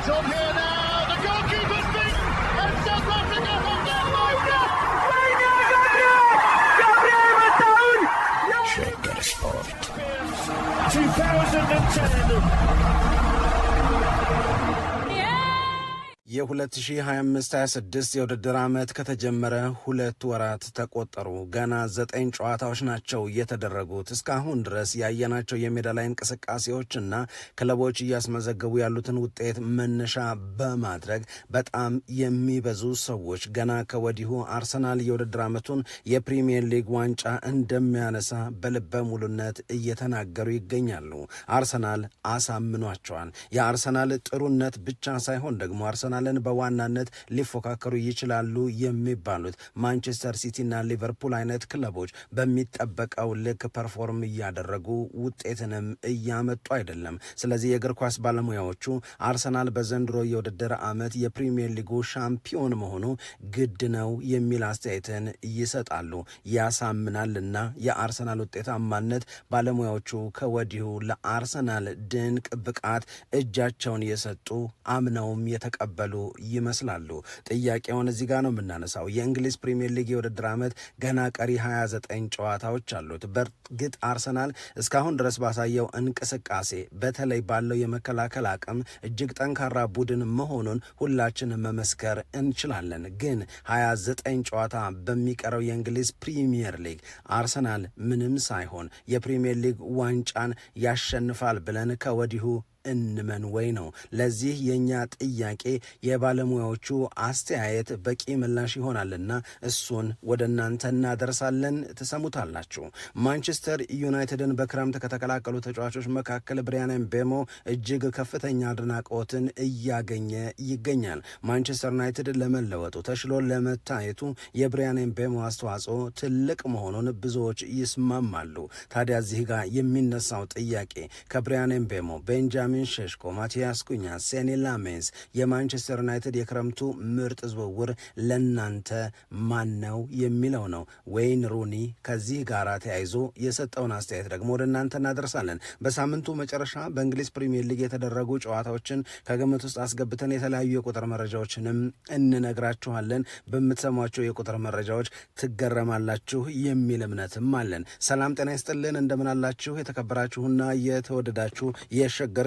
is on here now. የ2025/26 የውድድር ዓመት ከተጀመረ ሁለት ወራት ተቆጠሩ። ገና ዘጠኝ ጨዋታዎች ናቸው የተደረጉት። እስካሁን ድረስ ያየናቸው የሜዳ ላይ እንቅስቃሴዎችና ክለቦች እያስመዘገቡ ያሉትን ውጤት መነሻ በማድረግ በጣም የሚበዙ ሰዎች ገና ከወዲሁ አርሰናል የውድድር ዓመቱን የፕሪምየር ሊግ ዋንጫ እንደሚያነሳ በልበ ሙሉነት እየተናገሩ ይገኛሉ። አርሰናል አሳምኗቸዋል። የአርሰናል ጥሩነት ብቻ ሳይሆን ደግሞ አርሰናል ለንደን በዋናነት ሊፎካከሩ ይችላሉ የሚባሉት ማንቸስተር ሲቲና ሊቨርፑል አይነት ክለቦች በሚጠበቀው ልክ ፐርፎርም እያደረጉ ውጤትንም እያመጡ አይደለም። ስለዚህ የእግር ኳስ ባለሙያዎቹ አርሰናል በዘንድሮ የውድድር ዓመት የፕሪሚየር ሊጉ ሻምፒዮን መሆኑ ግድ ነው የሚል አስተያየትን ይሰጣሉ። ያሳምናልና የአርሰናል ውጤታማነት ባለሙያዎቹ ከወዲሁ ለአርሰናል ድንቅ ብቃት እጃቸውን የሰጡ አምነውም የተቀበሉ ይመስላሉ። ጥያቄውን እዚህ ጋር ነው የምናነሳው። የእንግሊዝ ፕሪምየር ሊግ የውድድር ዓመት ገና ቀሪ 29 ጨዋታዎች አሉት። በእርግጥ አርሰናል እስካሁን ድረስ ባሳየው እንቅስቃሴ በተለይ ባለው የመከላከል አቅም እጅግ ጠንካራ ቡድን መሆኑን ሁላችን መመስከር እንችላለን። ግን 29 ጨዋታ በሚቀረው የእንግሊዝ ፕሪምየር ሊግ አርሰናል ምንም ሳይሆን የፕሪምየር ሊግ ዋንጫን ያሸንፋል ብለን ከወዲሁ እንመን ወይ ነው። ለዚህ የእኛ ጥያቄ የባለሙያዎቹ አስተያየት በቂ ምላሽ ይሆናልና እሱን ወደ እናንተ እናደርሳለን። ትሰሙታላችሁ። ማንቸስተር ዩናይትድን በክረምት ከተቀላቀሉ ተጫዋቾች መካከል ብሪያን ምቤሞ እጅግ ከፍተኛ አድናቆትን እያገኘ ይገኛል። ማንቸስተር ዩናይትድ ለመለወጡ ተሽሎ ለመታየቱ የብሪያን ምቤሞ አስተዋጽኦ ትልቅ መሆኑን ብዙዎች ይስማማሉ። ታዲያ እዚህ ጋር የሚነሳው ጥያቄ ከብሪያን ምቤሞ ቤንጃሚን ቤንጃሚን ሸሽኮ፣ ማቲያስ ኩኛ፣ ሴኒ ላሜንስ የማንቸስተር ዩናይትድ የክረምቱ ምርጥ ዝውውር ለእናንተ ማን ነው የሚለው ነው። ወይን ሩኒ ከዚህ ጋር ተያይዞ የሰጠውን አስተያየት ደግሞ ወደ እናንተ እናደርሳለን። በሳምንቱ መጨረሻ በእንግሊዝ ፕሪምየር ሊግ የተደረጉ ጨዋታዎችን ከግምት ውስጥ አስገብተን የተለያዩ የቁጥር መረጃዎችንም እንነግራችኋለን። በምትሰሟቸው የቁጥር መረጃዎች ትገረማላችሁ የሚል እምነትም አለን። ሰላም ጤና ይስጥልን። እንደምናላችሁ የተከበራችሁና የተወደዳችሁ የሸገር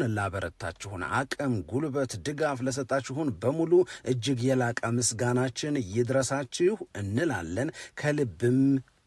ሁን ላበረታችሁን አቅም፣ ጉልበት፣ ድጋፍ ለሰጣችሁን በሙሉ እጅግ የላቀ ምስጋናችን ይድረሳችሁ እንላለን ከልብም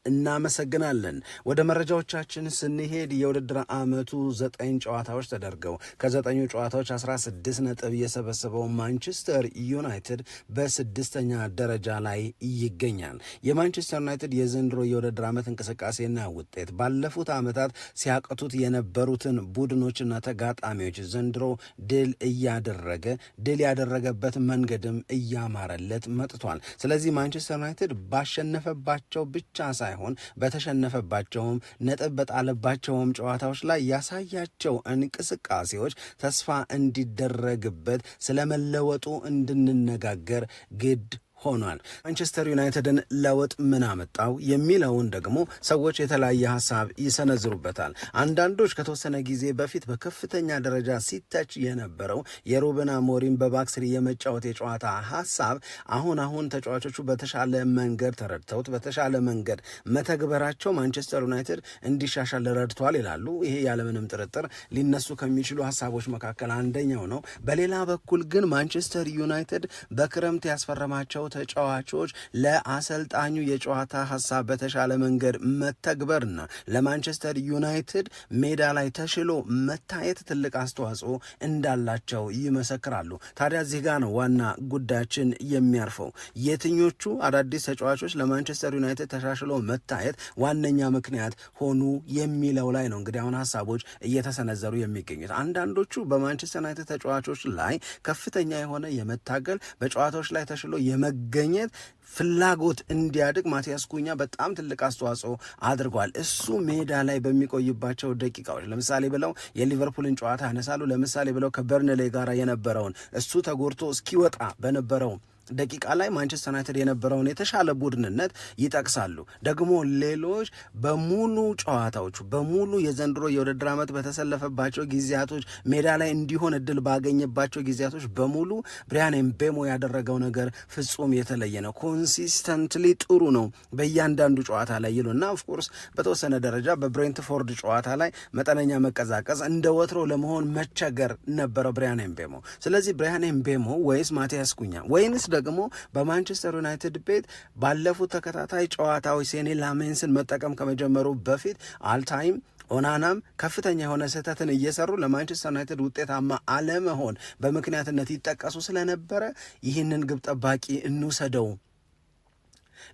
እናመሰግናለን። ወደ መረጃዎቻችን ስንሄድ የውድድር ዓመቱ ዘጠኝ ጨዋታዎች ተደርገው ከዘጠኙ ጨዋታዎች 16 ነጥብ የሰበሰበው ማንቸስተር ዩናይትድ በስድስተኛ ደረጃ ላይ ይገኛል። የማንቸስተር ዩናይትድ የዘንድሮ የውድድር ዓመት እንቅስቃሴና ውጤት ባለፉት ዓመታት ሲያቅቱት የነበሩትን ቡድኖችና ተጋጣሚዎች ዘንድሮ ድል እያደረገ ድል ያደረገበት መንገድም እያማረለት መጥቷል። ስለዚህ ማንቸስተር ዩናይትድ ባሸነፈባቸው ብቻ ሳይ ሳይሆን በተሸነፈባቸውም ነጥብ በጣለባቸውም ጨዋታዎች ላይ ያሳያቸው እንቅስቃሴዎች ተስፋ እንዲደረግበት ስለመለወጡ እንድንነጋገር ግድ ሆኗል። ማንቸስተር ዩናይትድን ለውጥ ምን አመጣው የሚለውን ደግሞ ሰዎች የተለያየ ሀሳብ ይሰነዝሩበታል። አንዳንዶች ከተወሰነ ጊዜ በፊት በከፍተኛ ደረጃ ሲተች የነበረው የሩበን አሞሪም በባክስሪ የመጫወት የጨዋታ ሀሳብ አሁን አሁን ተጫዋቾቹ በተሻለ መንገድ ተረድተውት በተሻለ መንገድ መተግበራቸው ማንቸስተር ዩናይትድ እንዲሻሻል ረድቷል ይላሉ። ይሄ ያለምንም ጥርጥር ሊነሱ ከሚችሉ ሀሳቦች መካከል አንደኛው ነው። በሌላ በኩል ግን ማንቸስተር ዩናይትድ በክረምት ያስፈረማቸው ተጫዋቾች ለአሰልጣኙ የጨዋታ ሀሳብ በተሻለ መንገድ መተግበርና ለማንቸስተር ዩናይትድ ሜዳ ላይ ተሽሎ መታየት ትልቅ አስተዋጽኦ እንዳላቸው ይመሰክራሉ። ታዲያ እዚህ ጋር ነው ዋና ጉዳያችን የሚያርፈው። የትኞቹ አዳዲስ ተጫዋቾች ለማንቸስተር ዩናይትድ ተሻሽሎ መታየት ዋነኛ ምክንያት ሆኑ የሚለው ላይ ነው እንግዲህ አሁን ሀሳቦች እየተሰነዘሩ የሚገኙት። አንዳንዶቹ በማንቸስተር ዩናይትድ ተጫዋቾች ላይ ከፍተኛ የሆነ የመታገል በጨዋታዎች ላይ ተሽሎ የመ መገኘት ፍላጎት እንዲያድግ ማቲያስ ኩኛ በጣም ትልቅ አስተዋጽኦ አድርጓል። እሱ ሜዳ ላይ በሚቆይባቸው ደቂቃዎች ለምሳሌ ብለው የሊቨርፑልን ጨዋታ ያነሳሉ። ለምሳሌ ብለው ከበርንሌይ ጋር የነበረውን እሱ ተጎድቶ እስኪወጣ በነበረው ደቂቃ ላይ ማንቸስተር ዩናይትድ የነበረውን የተሻለ ቡድንነት ይጠቅሳሉ። ደግሞ ሌሎች በሙሉ ጨዋታዎቹ በሙሉ የዘንድሮ የውድድር ዓመት በተሰለፈባቸው ጊዜያቶች ሜዳ ላይ እንዲሆን እድል ባገኘባቸው ጊዜያቶች በሙሉ ብሪያን ኤምቤሞ ያደረገው ነገር ፍጹም የተለየ ነው። ኮንሲስተንትሊ ጥሩ ነው በእያንዳንዱ ጨዋታ ላይ ይሉና ኦፍኮርስ በተወሰነ ደረጃ በብሬንትፎርድ ጨዋታ ላይ መጠነኛ መቀዛቀዝ እንደ ወትሮ ለመሆን መቸገር ነበረው ብሪያን ኤምቤሞ። ስለዚህ ብሪያን ኤምቤሞ ወይስ ማቲያስ ኩኛ ወይንስ ደግሞ በማንቸስተር ዩናይትድ ቤት ባለፉት ተከታታይ ጨዋታዎች ሴኔ ላሜንስን መጠቀም ከመጀመሩ በፊት አልታይም ኦናናም ከፍተኛ የሆነ ስህተትን እየሰሩ ለማንቸስተር ዩናይትድ ውጤታማ አለመሆን በምክንያትነት ይጠቀሱ ስለነበረ ይህንን ግብ ጠባቂ እንውሰደው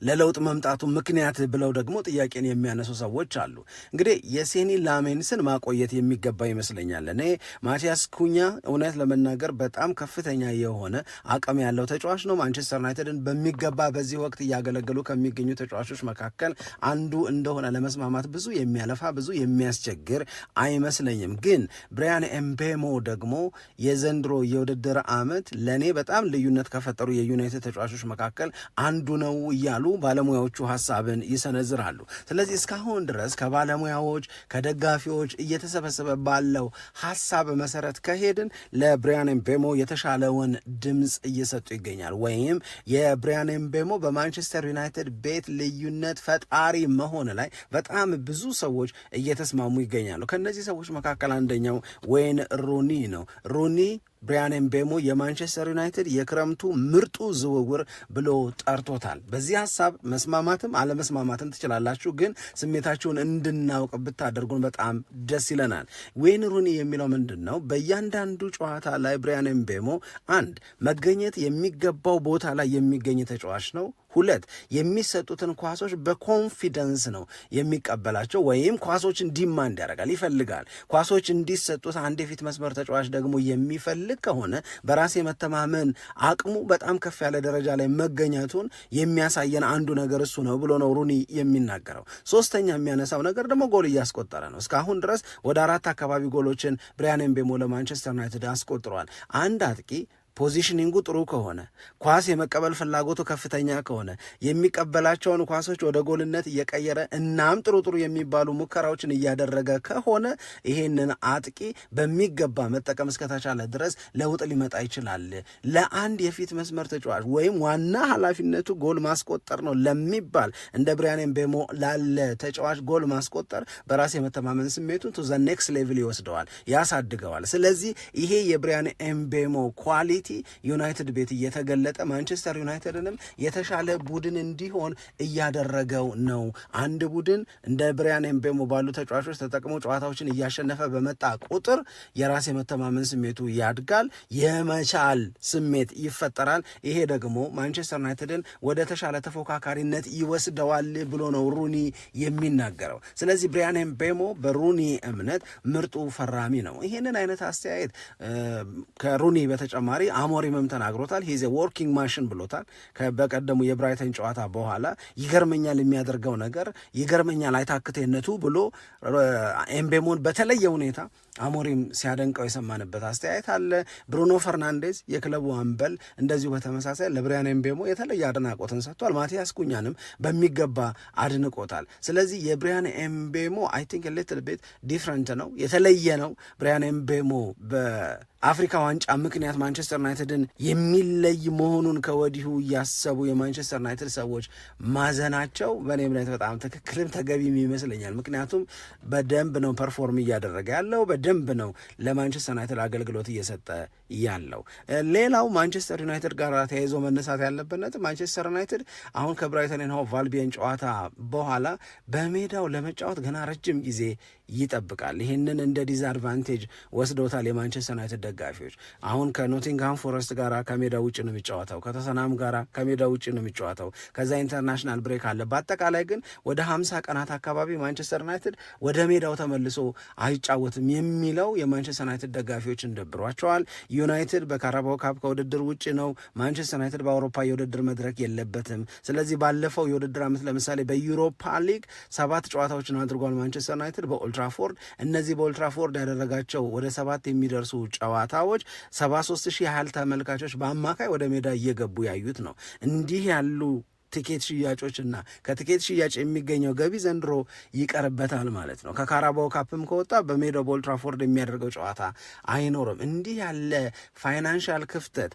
ለለውጥ መምጣቱ ምክንያት ብለው ደግሞ ጥያቄን የሚያነሱ ሰዎች አሉ። እንግዲህ የሴኒ ላሜንስን ማቆየት የሚገባ ይመስለኛል። እኔ ማቲያስ ኩኛ እውነት ለመናገር በጣም ከፍተኛ የሆነ አቅም ያለው ተጫዋች ነው። ማንቸስተር ዩናይትድን በሚገባ በዚህ ወቅት እያገለገሉ ከሚገኙ ተጫዋቾች መካከል አንዱ እንደሆነ ለመስማማት ብዙ የሚያለፋ ብዙ የሚያስቸግር አይመስለኝም። ግን ብሪያን ኤምቤሞ ደግሞ የዘንድሮ የውድድር ዓመት ለእኔ በጣም ልዩነት ከፈጠሩ የዩናይትድ ተጫዋቾች መካከል አንዱ ነው እያ እያሉ ባለሙያዎቹ ሀሳብን ይሰነዝራሉ። ስለዚህ እስካሁን ድረስ ከባለሙያዎች ከደጋፊዎች እየተሰበሰበ ባለው ሀሳብ መሰረት ከሄድን ለብሪያን ኤምቤሞ የተሻለውን ድምፅ እየሰጡ ይገኛል። ወይም የብሪያን ኤምቤሞ በማንቸስተር ዩናይትድ ቤት ልዩነት ፈጣሪ መሆን ላይ በጣም ብዙ ሰዎች እየተስማሙ ይገኛሉ። ከእነዚህ ሰዎች መካከል አንደኛው ወይን ሩኒ ነው። ሩኒ ብሪያን ኤምቤሞ የማንቸስተር ዩናይትድ የክረምቱ ምርጡ ዝውውር ብሎ ጠርቶታል። በዚህ ሀሳብ መስማማትም አለመስማማትም ትችላላችሁ፣ ግን ስሜታችሁን እንድናውቅ ብታደርጉን በጣም ደስ ይለናል። ዌይን ሩኒ የሚለው ምንድን ነው? በእያንዳንዱ ጨዋታ ላይ ብሪያን ኤምቤሞ አንድ መገኘት የሚገባው ቦታ ላይ የሚገኝ ተጫዋች ነው። ሁለት የሚሰጡትን ኳሶች በኮንፊደንስ ነው የሚቀበላቸው፣ ወይም ኳሶችን ዲማንድ ያደርጋል ይፈልጋል። ኳሶች እንዲሰጡት አንድ የፊት መስመር ተጫዋች ደግሞ የሚፈልግ ከሆነ በራስ የመተማመን አቅሙ በጣም ከፍ ያለ ደረጃ ላይ መገኘቱን የሚያሳየን አንዱ ነገር እሱ ነው ብሎ ነው ሩኒ የሚናገረው። ሶስተኛ የሚያነሳው ነገር ደግሞ ጎል እያስቆጠረ ነው። እስካሁን ድረስ ወደ አራት አካባቢ ጎሎችን ብሪያን ምቤሞ ለማንቸስተር ዩናይትድ አስቆጥሯል። አንድ አጥቂ ፖዚሽኒንጉ ጥሩ ከሆነ ኳስ የመቀበል ፍላጎቱ ከፍተኛ ከሆነ የሚቀበላቸውን ኳሶች ወደ ጎልነት እየቀየረ እናም ጥሩ ጥሩ የሚባሉ ሙከራዎችን እያደረገ ከሆነ ይሄንን አጥቂ በሚገባ መጠቀም እስከተቻለ ድረስ ለውጥ ሊመጣ ይችላል። ለአንድ የፊት መስመር ተጫዋች ወይም ዋና ኃላፊነቱ ጎል ማስቆጠር ነው ለሚባል እንደ ብሪያን ምቤሞ ላለ ተጫዋች ጎል ማስቆጠር በራስ የመተማመን ስሜቱን ቱ ዘ ኔክስት ሌቭል ይወስደዋል፣ ያሳድገዋል። ስለዚህ ይሄ የብሪያን ኤምቤሞ ኳሊቲ ሲቲ ዩናይትድ ቤት እየተገለጠ ማንቸስተር ዩናይትድንም የተሻለ ቡድን እንዲሆን እያደረገው ነው። አንድ ቡድን እንደ ብሪያን ኤምቤሞ ባሉ ተጫዋቾች ተጠቅሞ ጨዋታዎችን እያሸነፈ በመጣ ቁጥር የራስ የመተማመን ስሜቱ ያድጋል፣ የመቻል ስሜት ይፈጠራል። ይሄ ደግሞ ማንቸስተር ዩናይትድን ወደ ተሻለ ተፎካካሪነት ይወስደዋል ብሎ ነው ሩኒ የሚናገረው። ስለዚህ ብሪያን ኤምቤሞ በሩኒ እምነት ምርጡ ፈራሚ ነው። ይህንን አይነት አስተያየት ከሩኒ በተጨማሪ አሞሪምም ተናግሮታል። ሂዝ ወርኪንግ ማሽን ብሎታል። በቀደሙ የብራይተን ጨዋታ በኋላ ይገርመኛል የሚያደርገው ነገር ይገርመኛል አይታክቴነቱ ብሎ ኤምቤሞን በተለየ ሁኔታ አሞሪም ሲያደንቀው የሰማንበት አስተያየት አለ። ብሩኖ ፈርናንዴዝ የክለቡ አምበል እንደዚሁ በተመሳሳይ ለብሪያን ኤምቤሞ የተለየ አድናቆትን ሰጥቷል። ማቲያስ ኩኛንም በሚገባ አድንቆታል። ስለዚህ የብሪያን ኤምቤሞ አይ ቲንክ ሊትል ቤት ዲፍረንት ነው፣ የተለየ ነው። ብሪያን ኤምቤሞ በአፍሪካ ዋንጫ ምክንያት ማንቸስተር ዩናይትድን የሚለይ መሆኑን ከወዲሁ እያሰቡ የማንቸስተር ዩናይትድ ሰዎች ማዘናቸው በእኔ እምነት በጣም ትክክልም ተገቢም ይመስለኛል። ምክንያቱም በደንብ ነው ፐርፎርም እያደረገ ያለው በደንብ ነው ለማንቸስተር ዩናይትድ አገልግሎት እየሰጠ ያለው። ሌላው ማንቸስተር ዩናይትድ ጋር ተያይዞ መነሳት ያለበት ነጥብ ማንቸስተር ዩናይትድ አሁን ከብራይተን ኤንድ ሆቭ አልቢዮን ጨዋታ በኋላ በሜዳው ለመጫወት ገና ረጅም ጊዜ ይጠብቃል። ይህንን እንደ ዲስአድቫንቴጅ ወስደውታል የማንቸስተር ዩናይትድ ደጋፊዎች። አሁን ከኖቲንግሃም ፎረስት ጋር ከሜዳ ውጭ ነው የሚጫወተው፣ ከተሰናም ጋር ከሜዳ ውጭ ነው የሚጫወተው። ከዛ ኢንተርናሽናል ብሬክ አለ። በአጠቃላይ ግን ወደ ሀምሳ ቀናት አካባቢ ማንቸስተር ዩናይትድ ወደ ሜዳው ተመልሶ አይጫወትም የሚለው የማንቸስተር ዩናይትድ ደጋፊዎች እንደብሯቸዋል። ዩናይትድ በካራባው ካፕ ከውድድር ውጭ ነው። ማንቸስተር ዩናይትድ በአውሮፓ የውድድር መድረክ የለበትም። ስለዚህ ባለፈው የውድድር ዓመት ለምሳሌ በዩሮፓ ሊግ ሰባት ጨዋታዎችን አድርጓል ማንቸስተር ዩናይትድ በኦልትራፎርድ። እነዚህ በኦልትራፎርድ ያደረጋቸው ወደ ሰባት የሚደርሱ ጨዋታዎች 73 ሺህ ያህል ተመልካቾች በአማካይ ወደ ሜዳ እየገቡ ያዩት ነው። እንዲህ ያሉ ትኬት ሽያጮች እና ከትኬት ሽያጭ የሚገኘው ገቢ ዘንድሮ ይቀርበታል ማለት ነው። ከካራባው ካፕም ከወጣ በሜዳው የሚያደርገው ጨዋታ አይኖርም። እንዲህ ያለ ፋይናንሻል ክፍተት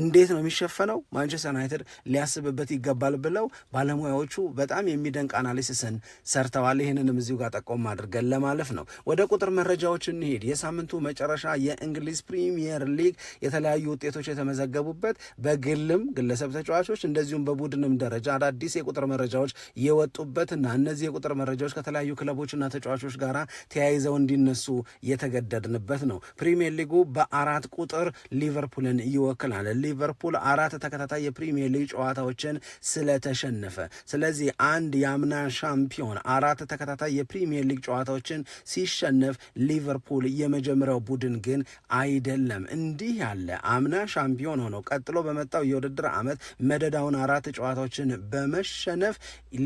እንዴት ነው የሚሸፈነው? ማንቸስተር ዩናይትድ ሊያስብበት ይገባል ብለው ባለሙያዎቹ በጣም የሚደንቅ አናሊሲስን ሰርተዋል። ይህንንም እዚሁ ጋር ጠቆም አድርገን ለማለፍ ነው። ወደ ቁጥር መረጃዎች እንሄድ። የሳምንቱ መጨረሻ የእንግሊዝ ፕሪሚየር ሊግ የተለያዩ ውጤቶች የተመዘገቡበት በግልም ግለሰብ ተጫዋቾች እንደዚሁም በቡድንም ደረጃ አዳዲስ የቁጥር መረጃዎች የወጡበትና እነዚህ የቁጥር መረጃዎች ከተለያዩ ክለቦችና ተጫዋቾች ጋር ተያይዘው እንዲነሱ የተገደድንበት ነው። ፕሪሚየር ሊጉ በአራት ቁጥር ሊቨርፑልን ይወክላል። ሊቨርፑል አራት ተከታታይ የፕሪሚየር ሊግ ጨዋታዎችን ስለተሸነፈ። ስለዚህ አንድ የአምና ሻምፒዮን አራት ተከታታይ የፕሪሚየር ሊግ ጨዋታዎችን ሲሸነፍ ሊቨርፑል የመጀመሪያው ቡድን ግን አይደለም። እንዲህ ያለ አምና ሻምፒዮን ሆኖ ቀጥሎ በመጣው የውድድር ዓመት መደዳውን አራት ጨዋታዎችን በመሸነፍ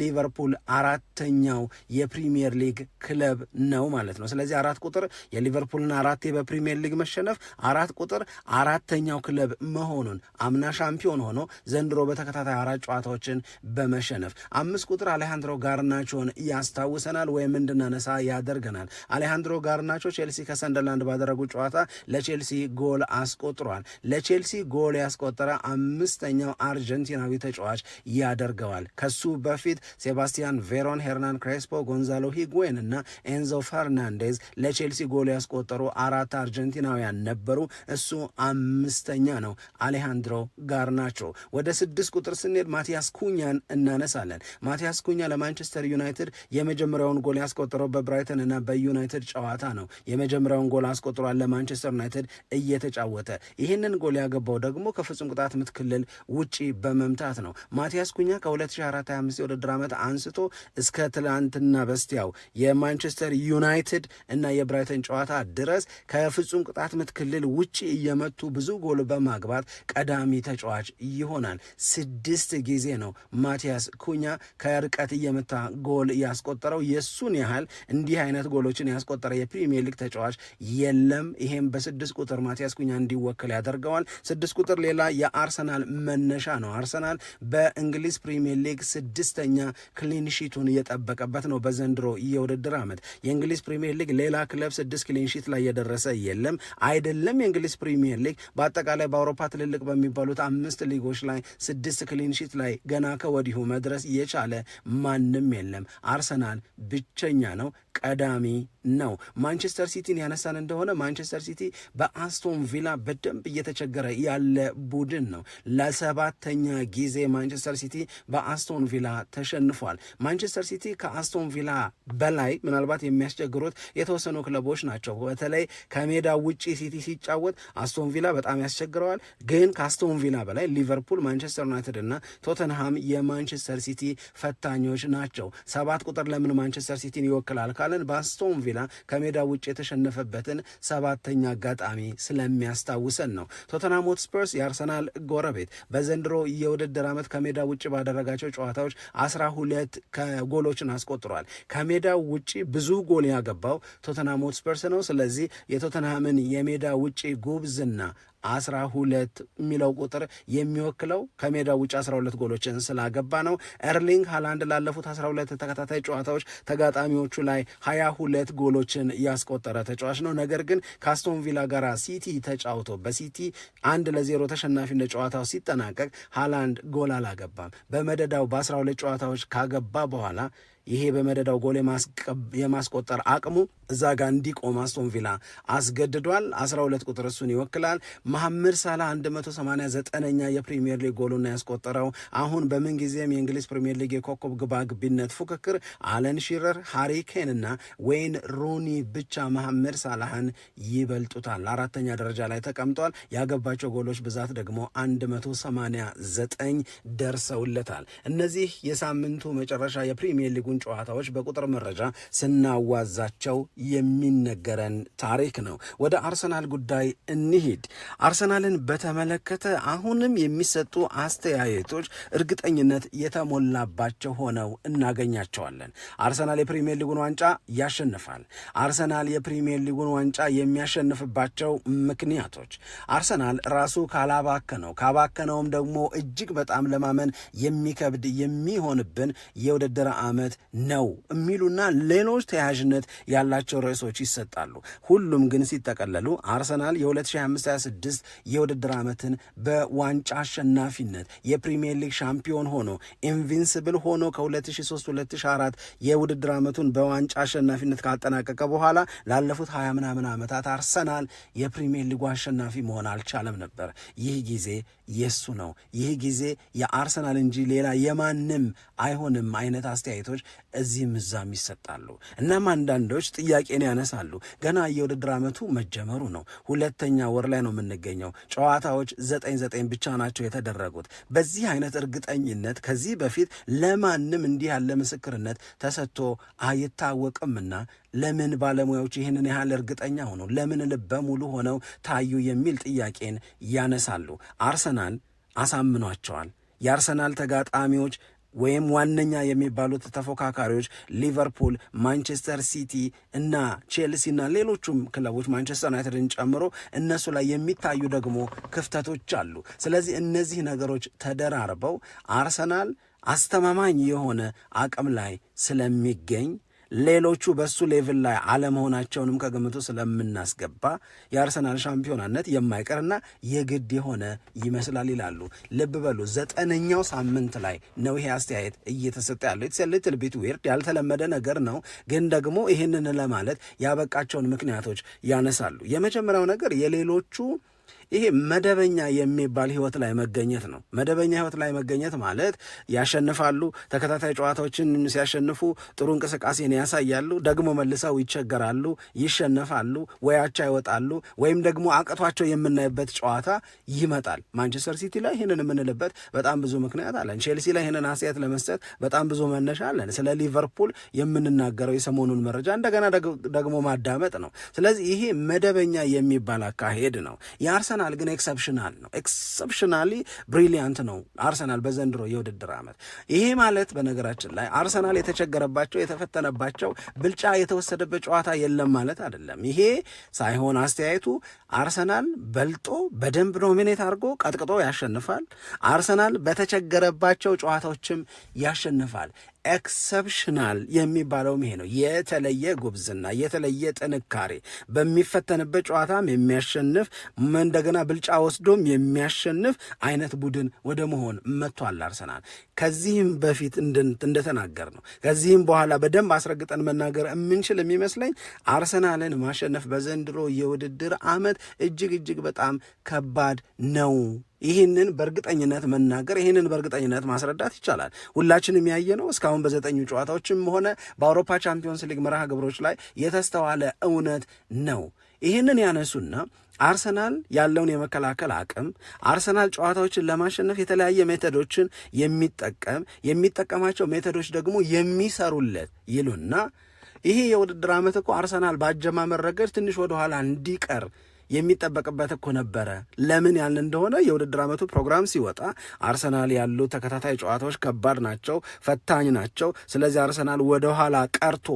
ሊቨርፑል አራተኛው የፕሪሚየር ሊግ ክለብ ነው ማለት ነው። ስለዚህ አራት ቁጥር የሊቨርፑልን አራቴ በፕሪሚየር ሊግ መሸነፍ አራት ቁጥር አራተኛው ክለብ መሆኑ መሆኑን አምና ሻምፒዮን ሆኖ ዘንድሮ በተከታታይ አራት ጨዋታዎችን በመሸነፍ አምስት ቁጥር አሌሃንድሮ ጋርናቾን ያስታውሰናል ወይም እንድናነሳ ያደርገናል። አሌሃንድሮ ጋርናቾ ቼልሲ ከሰንደርላንድ ባደረጉ ጨዋታ ለቼልሲ ጎል አስቆጥሯል። ለቼልሲ ጎል ያስቆጠረ አምስተኛው አርጀንቲናዊ ተጫዋች ያደርገዋል። ከሱ በፊት ሴባስቲያን ቬሮን፣ ሄርናን ክሬስፖ፣ ጎንዛሎ ሂጉዌን እና ኤንዞ ፈርናንዴዝ ለቼልሲ ጎል ያስቆጠሩ አራት አርጀንቲናውያን ነበሩ። እሱ አምስተኛ ነው። አሌሃንድሮ ጋርናቾ። ወደ ስድስት ቁጥር ስንሄድ ማቲያስ ኩኛን እናነሳለን። ማቲያስ ኩኛ ለማንቸስተር ዩናይትድ የመጀመሪያውን ጎል ያስቆጠረው በብራይተን እና በዩናይትድ ጨዋታ ነው። የመጀመሪያውን ጎል አስቆጥሯል ለማንቸስተር ዩናይትድ እየተጫወተ። ይህንን ጎል ያገባው ደግሞ ከፍጹም ቅጣት ምት ክልል ውጪ በመምታት ነው። ማቲያስ ኩኛ ከ2024/25 የውድድር ዓመት አንስቶ እስከ ትላንትና በስቲያው የማንቸስተር ዩናይትድ እና የብራይተን ጨዋታ ድረስ ከፍጹም ቅጣት ምት ክልል ውጪ እየመቱ ብዙ ጎል በማግባት ቀዳሚ ተጫዋች ይሆናል። ስድስት ጊዜ ነው ማቲያስ ኩኛ ከርቀት እየመታ ጎል ያስቆጠረው። የእሱን ያህል እንዲህ አይነት ጎሎችን ያስቆጠረ የፕሪሚየር ሊግ ተጫዋች የለም። ይሄም በስድስት ቁጥር ማቲያስ ኩኛ እንዲወክል ያደርገዋል። ስድስት ቁጥር ሌላ የአርሰናል መነሻ ነው። አርሰናል በእንግሊዝ ፕሪሚየር ሊግ ስድስተኛ ክሊንሺቱን የጠበቀበት ነው በዘንድሮ የውድድር ዓመት። የእንግሊዝ ፕሪሚየር ሊግ ሌላ ክለብ ስድስት ክሊንሺት ላይ የደረሰ የለም። አይደለም የእንግሊዝ ፕሪሚየር ሊግ በአጠቃላይ በአውሮፓ ትልልቅ በሚባሉት አምስት ሊጎች ላይ ስድስት ክሊንሺት ላይ ገና ከወዲሁ መድረስ የቻለ ማንም የለም። አርሰናል ብቸኛ ነው፣ ቀዳሚ ነው። ማንቸስተር ሲቲን ያነሳን እንደሆነ ማንቸስተር ሲቲ በአስቶን ቪላ በደንብ እየተቸገረ ያለ ቡድን ነው። ለሰባተኛ ጊዜ ማንቸስተር ሲቲ በአስቶን ቪላ ተሸንፏል። ማንቸስተር ሲቲ ከአስቶን ቪላ በላይ ምናልባት የሚያስቸግሩት የተወሰኑ ክለቦች ናቸው። በተለይ ከሜዳ ውጪ ሲቲ ሲጫወት አስቶን ቪላ በጣም ያስቸግረዋል። ግን ከአስቶን ቪላ በላይ ሊቨርፑል፣ ማንቸስተር ዩናይትድ እና ቶተንሃም የማንቸስተር ሲቲ ፈታኞች ናቸው። ሰባት ቁጥር ለምን ማንቸስተር ሲቲን ይወክላል ካለን በአስቶን ቪላ ከሜዳ ውጭ የተሸነፈበትን ሰባተኛ አጋጣሚ ስለሚያስታውሰን ነው። ቶተንሃም ሆትስፐርስ የአርሰናል ጎረቤት በዘንድሮ የውድድር ዓመት ከሜዳ ውጭ ባደረጋቸው ጨዋታዎች አስራ ሁለት ጎሎችን አስቆጥሯል። ከሜዳ ውጭ ብዙ ጎል ያገባው ቶተንሃም ሆትስፐርስ ነው። ስለዚህ የቶተንሃምን የሜዳ ውጭ ጉብዝና አስራ ሁለት የሚለው ቁጥር የሚወክለው ከሜዳ ውጭ አስራ ሁለት ጎሎችን ስላገባ ነው። ኤርሊንግ ሃላንድ ላለፉት አስራ ሁለት ተከታታይ ጨዋታዎች ተጋጣሚዎቹ ላይ ሀያ ሁለት ጎሎችን ያስቆጠረ ተጫዋች ነው። ነገር ግን ከአስቶን ቪላ ጋር ሲቲ ተጫውቶ በሲቲ አንድ ለዜሮ ተሸናፊነት ጨዋታው ሲጠናቀቅ ሃላንድ ጎል አላገባም። በመደዳው በአስራ ሁለት ጨዋታዎች ካገባ በኋላ ይሄ በመደዳው ጎል የማስቆጠር አቅሙ እዛ ጋር እንዲቆም አስቶን ቪላ አስገድዷል። 12 ቁጥር እሱን ይወክላል። መሐመድ ሳላህ 189ኛ የፕሪሚየር ሊግ ጎሉና ያስቆጠረው አሁን በምን ጊዜም የእንግሊዝ ፕሪሚየር ሊግ የኮከብ ግባግቢነት ፉክክር አለን ሺረር፣ ሃሪ ኬን እና ወይን ሩኒ ብቻ መሐመድ ሳላህን ይበልጡታል። አራተኛ ደረጃ ላይ ተቀምጧል። ያገባቸው ጎሎች ብዛት ደግሞ 189 ደርሰውለታል። እነዚህ የሳምንቱ መጨረሻ የፕሪሚየር ሊጉን ያሉትን ጨዋታዎች በቁጥር መረጃ ስናዋዛቸው የሚነገረን ታሪክ ነው። ወደ አርሰናል ጉዳይ እንሂድ። አርሰናልን በተመለከተ አሁንም የሚሰጡ አስተያየቶች እርግጠኝነት የተሞላባቸው ሆነው እናገኛቸዋለን። አርሰናል የፕሪሚየር ሊጉን ዋንጫ ያሸንፋል። አርሰናል የፕሪሚየር ሊጉን ዋንጫ የሚያሸንፍባቸው ምክንያቶች አርሰናል ራሱ ካላባከነው ካባከነውም ደግሞ እጅግ በጣም ለማመን የሚከብድ የሚሆንብን የውድድር ዓመት ነው የሚሉና ሌሎች ተያያዥነት ያላቸው ርዕሶች ይሰጣሉ። ሁሉም ግን ሲጠቀለሉ አርሰናል የ2526 የውድድር ዓመትን በዋንጫ አሸናፊነት የፕሪሚየር ሊግ ሻምፒዮን ሆኖ ኢንቪንስብል ሆኖ ከ2003/2004 የውድድር ዓመቱን በዋንጫ አሸናፊነት ካጠናቀቀ በኋላ ላለፉት ሀያ ምናምን ዓመታት አርሰናል የፕሪሚየር ሊጉ አሸናፊ መሆን አልቻለም ነበር። ይህ ጊዜ የሱ ነው። ይህ ጊዜ የአርሰናል እንጂ ሌላ የማንም አይሆንም አይነት አስተያየቶች እዚህም እዛም ይሰጣሉ። እናም አንዳንዶች ጥያቄን ያነሳሉ። ገና የውድድር ዓመቱ መጀመሩ ነው። ሁለተኛ ወር ላይ ነው የምንገኘው። ጨዋታዎች ዘጠኝ ዘጠኝ ብቻ ናቸው የተደረጉት። በዚህ አይነት እርግጠኝነት ከዚህ በፊት ለማንም እንዲህ ያለ ምስክርነት ተሰጥቶ አይታወቅምና ለምን ባለሙያዎች ይህንን ያህል እርግጠኛ ሆኖ ለምን ልበ ሙሉ ሆነው ታዩ የሚል ጥያቄን ያነሳሉ። አርሰናል አሳምኗቸዋል። የአርሰናል ተጋጣሚዎች ወይም ዋነኛ የሚባሉት ተፎካካሪዎች ሊቨርፑል፣ ማንቸስተር ሲቲ እና ቼልሲ እና ሌሎቹም ክለቦች ማንቸስተር ዩናይትድን ጨምሮ እነሱ ላይ የሚታዩ ደግሞ ክፍተቶች አሉ። ስለዚህ እነዚህ ነገሮች ተደራርበው አርሰናል አስተማማኝ የሆነ አቅም ላይ ስለሚገኝ ሌሎቹ በሱ ሌቭል ላይ አለመሆናቸውንም ከግምቱ ስለምናስገባ የአርሰናል ሻምፒዮናነት የማይቀርና የግድ የሆነ ይመስላል ይላሉ። ልብ በሉ ዘጠነኛው ሳምንት ላይ ነው ይሄ አስተያየት እየተሰጠ ያለው። ኢትስ ሊትል ቢት ዊርድ ያልተለመደ ነገር ነው፣ ግን ደግሞ ይህንን ለማለት ያበቃቸውን ምክንያቶች ያነሳሉ። የመጀመሪያው ነገር የሌሎቹ ይሄ መደበኛ የሚባል ህይወት ላይ መገኘት ነው። መደበኛ ህይወት ላይ መገኘት ማለት ያሸንፋሉ፣ ተከታታይ ጨዋታዎችን ሲያሸንፉ ጥሩ እንቅስቃሴን ያሳያሉ፣ ደግሞ መልሰው ይቸገራሉ፣ ይሸነፋሉ፣ ወያቻ ይወጣሉ፣ ወይም ደግሞ አቅቷቸው የምናይበት ጨዋታ ይመጣል። ማንቸስተር ሲቲ ላይ ይህንን የምንልበት በጣም ብዙ ምክንያት አለን። ቼልሲ ላይ ይህንን አስተያየት ለመስጠት በጣም ብዙ መነሻ አለን። ስለ ሊቨርፑል የምንናገረው የሰሞኑን መረጃ እንደገና ደግሞ ማዳመጥ ነው። ስለዚህ ይሄ መደበኛ የሚባል አካሄድ ነው። የአርሰ አርሰናል ግን ኤክሰፕሽናል ነው። ኤክሰፕሽናሊ ብሪሊያንት ነው አርሰናል በዘንድሮ የውድድር ዓመት። ይሄ ማለት በነገራችን ላይ አርሰናል የተቸገረባቸው የተፈተነባቸው፣ ብልጫ የተወሰደበት ጨዋታ የለም ማለት አይደለም። ይሄ ሳይሆን አስተያየቱ አርሰናል በልጦ በደንብ ዶሚኔት አድርጎ ቀጥቅጦ ያሸንፋል። አርሰናል በተቸገረባቸው ጨዋታዎችም ያሸንፋል። ኤክሰፕሽናል የሚባለውም ይሄ ነው። የተለየ ጉብዝና፣ የተለየ ጥንካሬ በሚፈተንበት ጨዋታም የሚያሸንፍ እንደገና ብልጫ ወስዶም የሚያሸንፍ አይነት ቡድን ወደ መሆን መጥቷል አርሰናል። ከዚህም በፊት እንደተናገር ነው ከዚህም በኋላ በደንብ አስረግጠን መናገር የምንችል የሚመስለኝ አርሰናልን ማሸነፍ በዘንድሮ የውድድር ዓመት እጅግ እጅግ በጣም ከባድ ነው ይህንን በእርግጠኝነት መናገር ይህንን በእርግጠኝነት ማስረዳት ይቻላል። ሁላችንም የሚያየ ነው። እስካሁን በዘጠኙ ጨዋታዎችም ሆነ በአውሮፓ ቻምፒዮንስ ሊግ መርሃ ግብሮች ላይ የተስተዋለ እውነት ነው። ይህንን ያነሱና አርሰናል ያለውን የመከላከል አቅም አርሰናል ጨዋታዎችን ለማሸነፍ የተለያየ ሜተዶችን የሚጠቀም የሚጠቀማቸው ሜተዶች ደግሞ የሚሰሩለት ይሉና ይሄ የውድድር ዓመት እኮ አርሰናል በአጀማመር ረገድ ትንሽ ወደኋላ እንዲቀር የሚጠበቅበት እኮ ነበረ። ለምን ያልን እንደሆነ የውድድር ዓመቱ ፕሮግራም ሲወጣ አርሰናል ያሉ ተከታታይ ጨዋታዎች ከባድ ናቸው፣ ፈታኝ ናቸው። ስለዚህ አርሰናል ወደኋላ ቀርቶ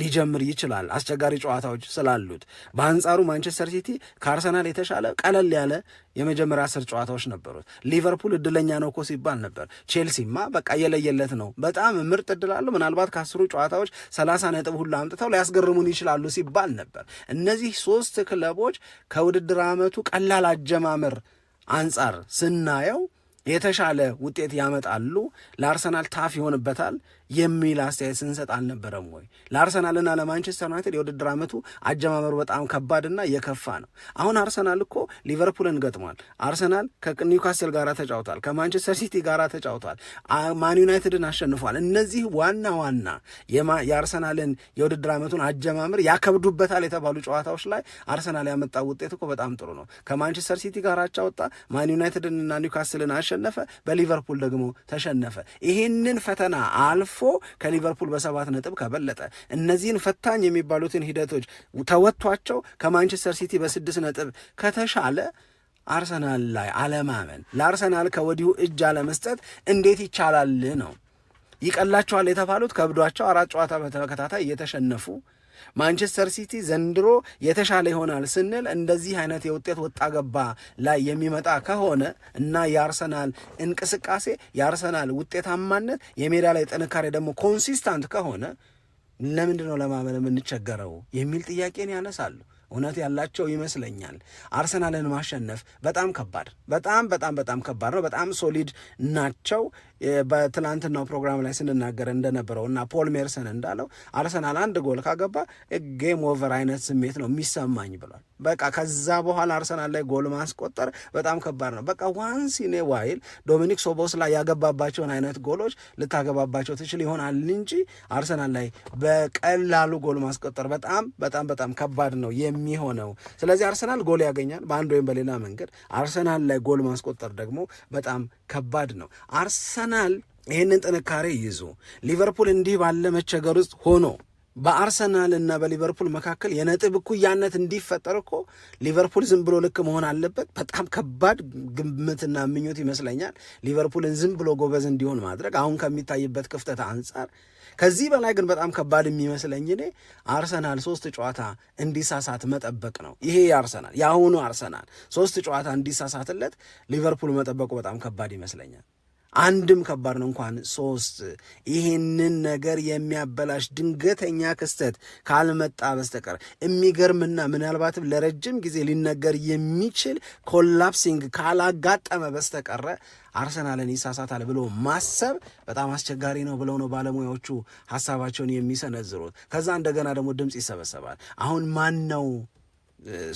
ሊጀምር ይችላል አስቸጋሪ ጨዋታዎች ስላሉት። በአንጻሩ ማንቸስተር ሲቲ ከአርሰናል የተሻለ ቀለል ያለ የመጀመሪያ አስር ጨዋታዎች ነበሩት። ሊቨርፑል እድለኛ ነው እኮ ሲባል ነበር። ቼልሲማ በቃ የለየለት ነው። በጣም ምርጥ እድል አለው። ምናልባት ከአስሩ ጨዋታዎች ሰላሳ ነጥብ ሁሉ አምጥተው ሊያስገርሙን ይችላሉ ሲባል ነበር። እነዚህ ሶስት ክለቦች ከውድድር ዓመቱ ቀላል አጀማመር አንጻር ስናየው የተሻለ ውጤት ያመጣሉ። ለአርሰናል ታፍ ይሆንበታል። የሚል አስተያየት ስንሰጥ አልነበረም ወይ? ለአርሰናልና ለማንቸስተር ዩናይትድ የውድድር ዓመቱ አጀማመሩ በጣም ከባድና የከፋ ነው። አሁን አርሰናል እኮ ሊቨርፑልን ገጥሟል። አርሰናል ከኒውካስል ጋር ተጫውቷል። ከማንቸስተር ሲቲ ጋር ተጫውቷል። ማን ዩናይትድን አሸንፏል። እነዚህ ዋና ዋና የአርሰናልን የውድድር ዓመቱን አጀማመር ያከብዱበታል የተባሉ ጨዋታዎች ላይ አርሰናል ያመጣው ውጤት እኮ በጣም ጥሩ ነው። ከማንቸስተር ሲቲ ጋር አቻ ወጣ፣ ማን ዩናይትድንና ኒውካስልን አሸነፈ፣ በሊቨርፑል ደግሞ ተሸነፈ። ይሄንን ፈተና አልፍ አልፎ ከሊቨርፑል በሰባት ነጥብ ከበለጠ እነዚህን ፈታኝ የሚባሉትን ሂደቶች ተወጥቷቸው ከማንቸስተር ሲቲ በስድስት ነጥብ ከተሻለ አርሰናል ላይ አለማመን ለአርሰናል ከወዲሁ እጅ አለመስጠት እንዴት ይቻላል ነው። ይቀላቸዋል የተባሉት ከብዷቸው አራት ጨዋታ በተከታታይ እየተሸነፉ ማንቸስተር ሲቲ ዘንድሮ የተሻለ ይሆናል ስንል እንደዚህ አይነት የውጤት ወጣ ገባ ላይ የሚመጣ ከሆነ እና የአርሰናል እንቅስቃሴ የአርሰናል ውጤታማነት የሜዳ ላይ ጥንካሬ ደግሞ ኮንሲስታንት ከሆነ ለምንድን ነው ለማመን የምንቸገረው የሚል ጥያቄን ያነሳሉ። እውነት ያላቸው ይመስለኛል። አርሰናልን ማሸነፍ በጣም ከባድ በጣም በጣም በጣም ከባድ ነው። በጣም ሶሊድ ናቸው። በትላንትናው ፕሮግራም ላይ ስንናገር እንደነበረው እና ፖል ሜርሰን እንዳለው አርሰናል አንድ ጎል ካገባ ጌም ኦቨር አይነት ስሜት ነው የሚሰማኝ ብሏል። በቃ ከዛ በኋላ አርሰናል ላይ ጎል ማስቆጠር በጣም ከባድ ነው። በቃ ዋንስ ኢን ዋይል ዶሚኒክ ሶቦስ ላይ ያገባባቸውን አይነት ጎሎች ልታገባባቸው ትችል ይሆናል እንጂ አርሰናል ላይ በቀላሉ ጎል ማስቆጠር በጣም በጣም በጣም ከባድ ነው የሚሆነው። ስለዚህ አርሰናል ጎል ያገኛል በአንድ ወይም በሌላ መንገድ። አርሰናል ላይ ጎል ማስቆጠር ደግሞ በጣም ከባድ ነው። አርሰናል አርሰናል ይህንን ጥንካሬ ይዞ ሊቨርፑል እንዲህ ባለ መቸገር ውስጥ ሆኖ በአርሰናል እና በሊቨርፑል መካከል የነጥብ እኩያነት እንዲፈጠር እኮ ሊቨርፑል ዝም ብሎ ልክ መሆን አለበት። በጣም ከባድ ግምትና ምኞት ይመስለኛል ሊቨርፑልን ዝም ብሎ ጎበዝ እንዲሆን ማድረግ አሁን ከሚታይበት ክፍተት አንጻር። ከዚህ በላይ ግን በጣም ከባድ የሚመስለኝ እኔ አርሰናል ሶስት ጨዋታ እንዲሳሳት መጠበቅ ነው። ይሄ የአርሰናል የአሁኑ አርሰናል ሶስት ጨዋታ እንዲሳሳትለት ሊቨርፑል መጠበቁ በጣም ከባድ ይመስለኛል። አንድም ከባድ ነው እንኳን ሶስት። ይህንን ነገር የሚያበላሽ ድንገተኛ ክስተት ካልመጣ በስተቀር የሚገርምና ምናልባትም ለረጅም ጊዜ ሊነገር የሚችል ኮላፕሲንግ ካላጋጠመ በስተቀረ አርሰናልን ይሳሳታል ብሎ ማሰብ በጣም አስቸጋሪ ነው ብለው ነው ባለሙያዎቹ ሀሳባቸውን የሚሰነዝሩት። ከዛ እንደገና ደግሞ ድምፅ ይሰበሰባል። አሁን ማን ነው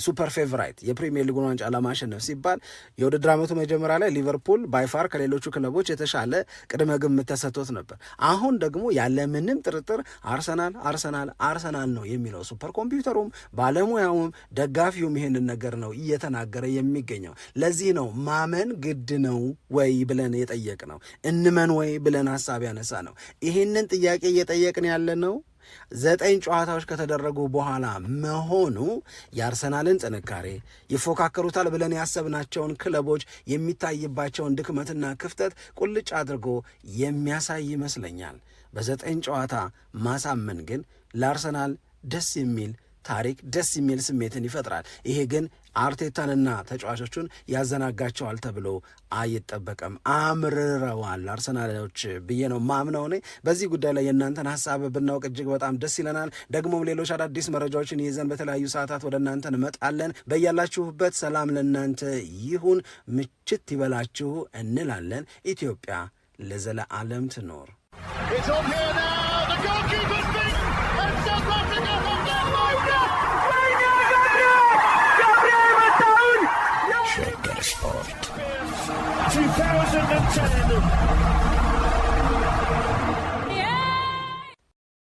ሱፐር ፌቨራይት የፕሪሚየር ሊጉን ዋንጫ ለማሸነፍ ሲባል የውድድር ዓመቱ መጀመሪያ ላይ ሊቨርፑል ባይፋር ከሌሎቹ ክለቦች የተሻለ ቅድመ ግምት ተሰጥቶት ነበር። አሁን ደግሞ ያለምንም ጥርጥር አርሰናል አርሰናል አርሰናል ነው የሚለው ሱፐር ኮምፒውተሩም ባለሙያውም ደጋፊውም ይህንን ነገር ነው እየተናገረ የሚገኘው። ለዚህ ነው ማመን ግድ ነው ወይ ብለን የጠየቅ ነው እንመን ወይ ብለን ሀሳብ ያነሳ ነው። ይህንን ጥያቄ እየጠየቅን ያለ ነው ዘጠኝ ጨዋታዎች ከተደረጉ በኋላ መሆኑ የአርሰናልን ጥንካሬ ይፎካከሩታል ብለን ያሰብናቸውን ክለቦች የሚታይባቸውን ድክመትና ክፍተት ቁልጭ አድርጎ የሚያሳይ ይመስለኛል። በዘጠኝ ጨዋታ ማሳመን ግን ለአርሰናል ደስ የሚል ታሪክ ደስ የሚል ስሜትን ይፈጥራል። ይሄ ግን አርቴታንና ተጫዋቾቹን ያዘናጋቸዋል ተብሎ አይጠበቅም። አምርረዋል አርሰናሎች ብዬ ነው ማምነው። እኔ በዚህ ጉዳይ ላይ የእናንተን ሀሳብ ብናውቅ እጅግ በጣም ደስ ይለናል። ደግሞም ሌሎች አዳዲስ መረጃዎችን ይዘን በተለያዩ ሰዓታት ወደ እናንተ እንመጣለን። በያላችሁበት ሰላም ለእናንተ ይሁን፣ ምችት ይበላችሁ እንላለን። ኢትዮጵያ ለዘለዓለም ትኖር። 2010